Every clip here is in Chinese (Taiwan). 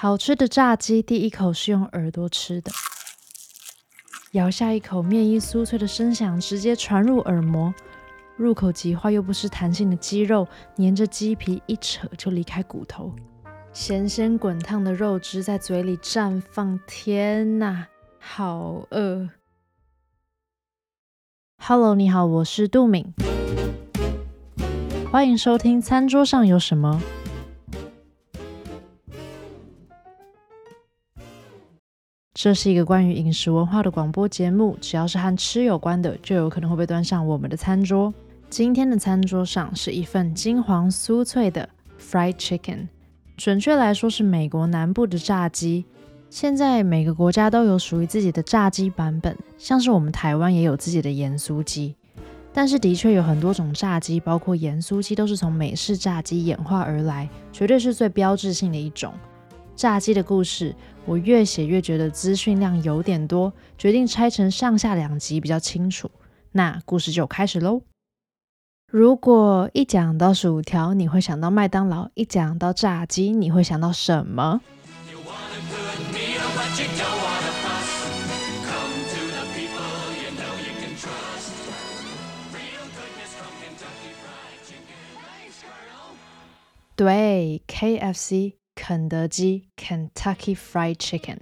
好吃的炸雞，第一口是用耳朵吃的，咬下一口，麵衣酥脆的聲響直接傳入耳膜，入口即化又不失彈性的雞肉，粘着雞皮，一扯就離開骨頭，鹹鹹滾燙的肉汁在嘴裡綻放，天哪，好餓！Hello，你好，我是杜敏，歡迎收聽《餐桌上有什麼》。這是一個關於飲食文化的廣播節目，只要是和吃有關的，就有可能會被端上我們的餐桌。今天的餐桌上是一份金黃酥脆的 fried chicken，準確來說是美國南部的炸雞。現在每個國家都有屬於自己的炸雞版本，像是我們台灣也有自己的鹽酥雞。但是的確有很多種炸雞，包括鹽酥雞，都是從美式炸雞演化而來，絕對是最標誌性的一種。炸雞的故事，我越寫越覺得資訊量有點多，決定拆成上下兩集比較清楚。那故事就開始嘍。如果一講到薯條，你會想到麥當勞；一講到炸雞，你會想到什麼？You want a good meal, but you don't want a fuss. Come to the people you know you can trust. Real goodness from Kentucky Fried Chicken. 對，KFC。肯德基 （Kentucky Fried Chicken）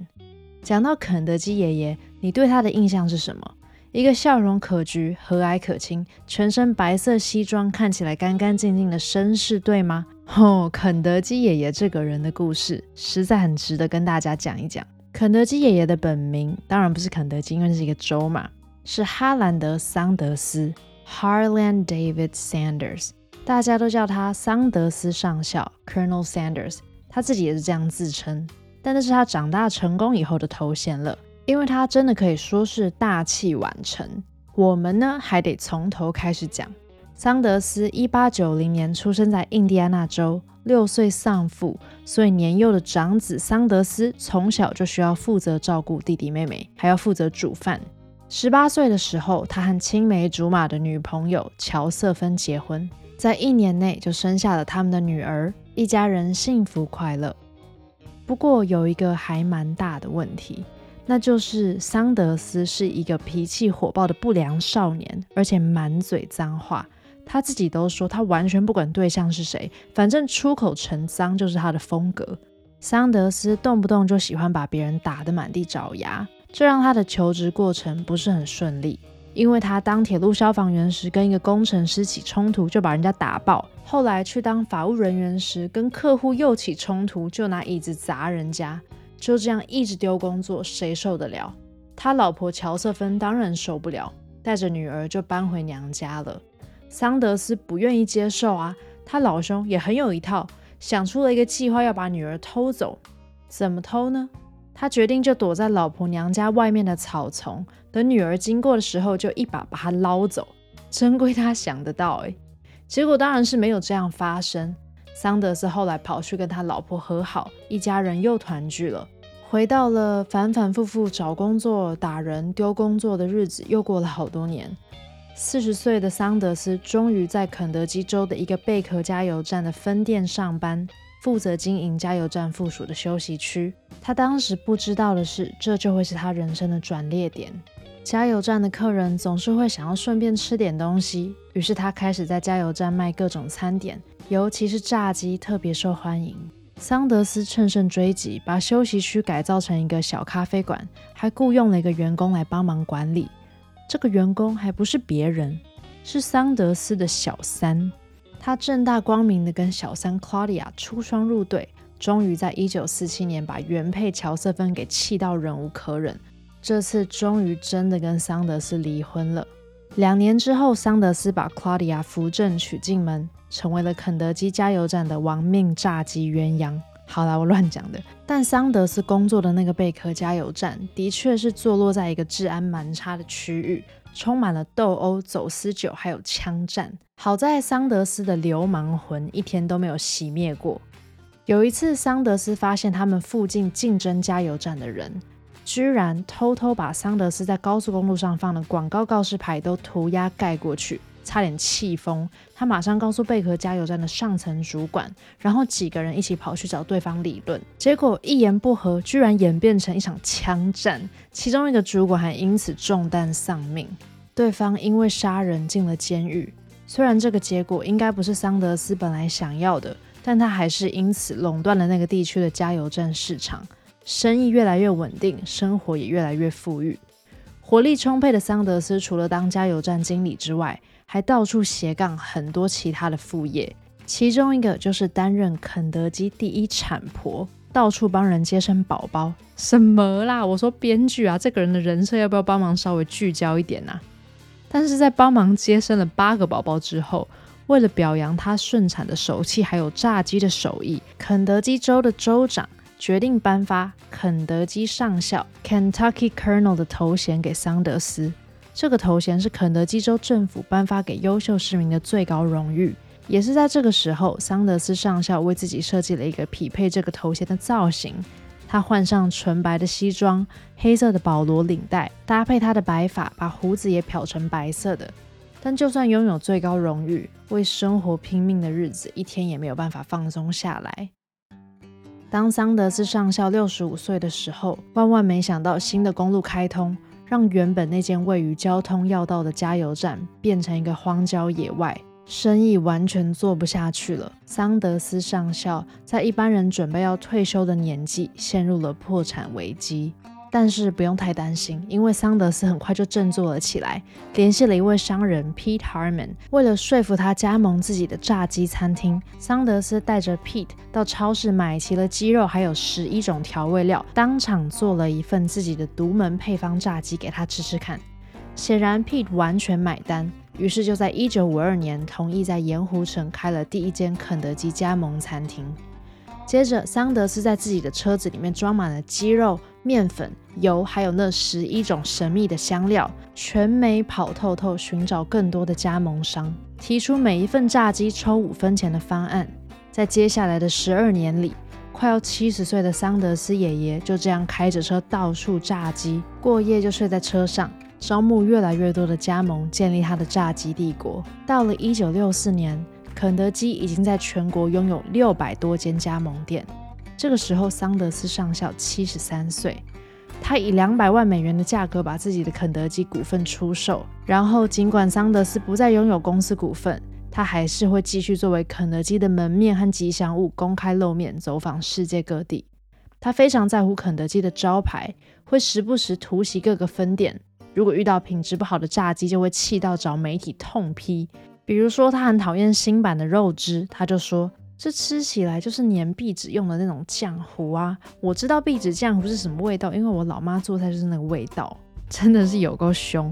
講到肯德基爺爺，你對他的印象是什麼？一個笑容可掬、和藹可親、全身白色西裝，看起來乾乾淨淨的紳士，對嗎？哦，肯德基爺爺這個人的故事實在很值得跟大家講一講。肯德基爺爺的本名當然不是肯德基，因為是一個州嘛，是哈蘭德·桑德斯 （Harland David Sanders），大家都叫他桑德斯上校 （Colonel Sanders）。他自己也是這樣自稱，但那是他長大成功以後的頭銜了，因為他真的可以說是大器晚成。我們呢，還得從頭開始講。桑德斯一八九零年出生在印第安納州，六歲喪父，所以年幼的長子桑德斯從小就需要負責照顧弟弟妹妹，還要負責煮飯。十八歲的時候，他和青梅竹馬的女朋友喬瑟芬結婚，在一年內就生下了他們的女兒。一家人幸福快樂。不過有一個還蠻大的問題，那就是桑德斯是一個脾氣火爆的不良少年，而且滿嘴髒話。他自己都說，他完全不管對象是誰，反正出口成髒就是他的風格。桑德斯動不動就喜歡把別人打得滿地找牙，這讓他的求職過程不是很順利。因為他當鐵路消防員時跟一個工程師起衝突，就把人家打爆；後來去當法務人員時跟客戶又起衝突，就拿椅子砸人家。就這樣一直丟工作，誰受得了？他老婆喬瑟芬當然受不了，帶着女兒就搬回娘家了。桑德斯不願意接受啊，他老兄也很有一套，想出了一個計劃要把女兒偷走。怎麼偷呢？他決定就躲在老婆娘家外面的草叢，等女兒經過的時候，就一把把她撈走。真虧他想得到哎、欸，結果當然是沒有這樣發生。桑德斯後來跑去跟他老婆和好，一家人又團聚了。回到了反反复覆找工作、打人、丟工作的日子，又過了好多年。四十歲的桑德斯終於在肯德基州的一個貝殼加油站的分店上班。負責經營加油站附屬的休息區。他當時不知道的是，這就會是他人生的轉捩點。加油站的客人總是會想要順便吃點東西，於是他開始在加油站賣各種餐點，尤其是炸雞特別受歡迎。桑德斯乘勝追擊，把休息區改造成一個小咖啡館，還雇傭了一個員工來幫忙管理。這個員工還不是別人，是桑德斯的小三。他正大光明地跟小三 Claudia 出雙入對，終於在1947年把原配喬瑟芬給氣到忍無可忍，這次終於真的跟桑德斯離婚了。兩年之後，桑德斯把 Claudia 扶正娶進門，成為了肯德基加油站的亡命炸雞鴛鴦。好啦，我亂講的，但桑德斯工作的那個貝殼加油站的確是坐落在一個治安蠻差的區域，充滿了鬥毆、走私酒還有槍戰。好在桑德斯的流氓魂一天都沒有熄滅過。有一次，桑德斯發現他們附近競爭加油站的人，居然偷偷把桑德斯在高速公路上放的廣告告示牌都塗鴉蓋過去，差點氣瘋。他馬上告訴貝殼加油站的上層主管，然後幾個人一起跑去找對方理論。結果一言不合，居然演變成一場槍戰，其中一個主管還因此中彈喪命，對方因為殺人進了監獄。雖然這個結果應該不是桑德斯本來想要的，但他還是因此壟斷了那個地區的加油站市場，生意越來越穩定，生活也越來越富裕。活力充沛的桑德斯除了當加油站經理之外，還到處斜槓很多其他的副業，其中一個就是擔任肯德基第一產婆，到處幫人接生寶寶。什麼啦？我說編劇啊，這個人的人設要不要幫忙稍微聚焦一點啊？但是在幫忙接生了八個寶寶之後，為了表揚他順產的手氣還有炸雞的手藝，肯德基州的州長決定頒發肯德基上校 （Kentucky Colonel） 的頭銜給桑德斯。這個頭銜是肯德基州政府頒發給優秀市民的最高榮譽。也是在這個時候，桑德斯上校為自己設計了一個匹配這個頭銜的造型。他換上純白的西裝，黑色的保羅領帶，搭配他的白髮，把鬍子也漂成白色的。但就算擁有最高榮譽，為生活拼命的日子，一天也沒有辦法放鬆下來。當桑德斯上校六十五歲的時候，萬萬沒想到新的公路開通，讓原本那間位於交通要道的加油站變成一個荒郊野外。生意完全做不下去了，桑德斯上校在一般人準備要退休的年紀陷入了破產危機。但是不用太擔心，因為桑德斯很快就振作了起來，聯繫了一位商人 Pete Harman，為了說服他加盟自己的炸雞餐廳，桑德斯帶着 Pete 到超市買齊了雞肉，還有十一種調味料，當場做了一份自己的獨門配方炸雞給他吃吃看。顯然 Pete 完全買單。於是就在一九五二年，同意在鹽湖城開了第一間肯德基加盟餐廳。接着，桑德斯在自己的車子裡面裝滿了雞肉、麵粉、油，還有那十一種神秘的香料，全美跑透透尋找更多的加盟商，提出每一份炸雞抽五分錢的方案。在接下來的十二年裡，快要七十歲的桑德斯爺爺就這樣開着車到處炸雞，過夜就睡在車上。招募越來越多的加盟，建立他的炸雞帝國。到了一九六四年，肯德基已經在全國擁有六百多間加盟店。這個時候，桑德斯上校七十三歲，他以兩百萬美元的價格把自己的肯德基股份出售。然後，儘管桑德斯不再擁有公司股份，他還是會繼續作為肯德基的門面和吉祥物公開露面，走訪世界各地。他非常在乎肯德基的招牌，會時不時突襲各個分店。如果遇到品質不好的炸雞，就會氣到找媒體痛批。比如說，他很討厭新版的肉汁，他就說這吃起來就是粘壁紙用的那種漿糊啊！我知道壁紙漿糊是什麼味道，因為我老媽做菜就是那個味道，真的是有夠兇。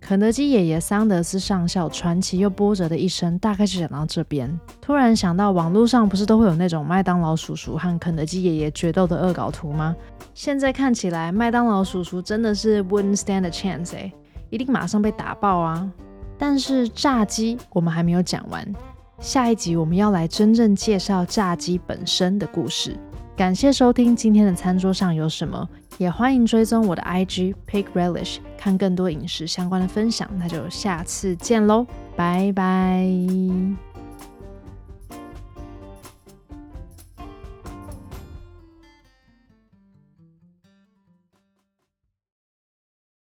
肯德基爺爺桑德斯上校傳奇又波折的一生，大概就講到這邊。突然想到，網絡上不是都會有那種麥當勞叔叔和肯德基爺爺決鬥的惡搞圖嗎？現在看起來，麥當勞叔叔真的是 wouldn't stand a chance 哎，一定馬上被打爆啊！但是炸雞我們還沒有講完，下一集我們要來真正介紹炸雞本身的故事。感謝收聽今天的《餐桌上有什麼》，也歡迎追蹤我的 IG Pig Relish，看更多飲食相關的分享。那就下次見嘍，拜拜！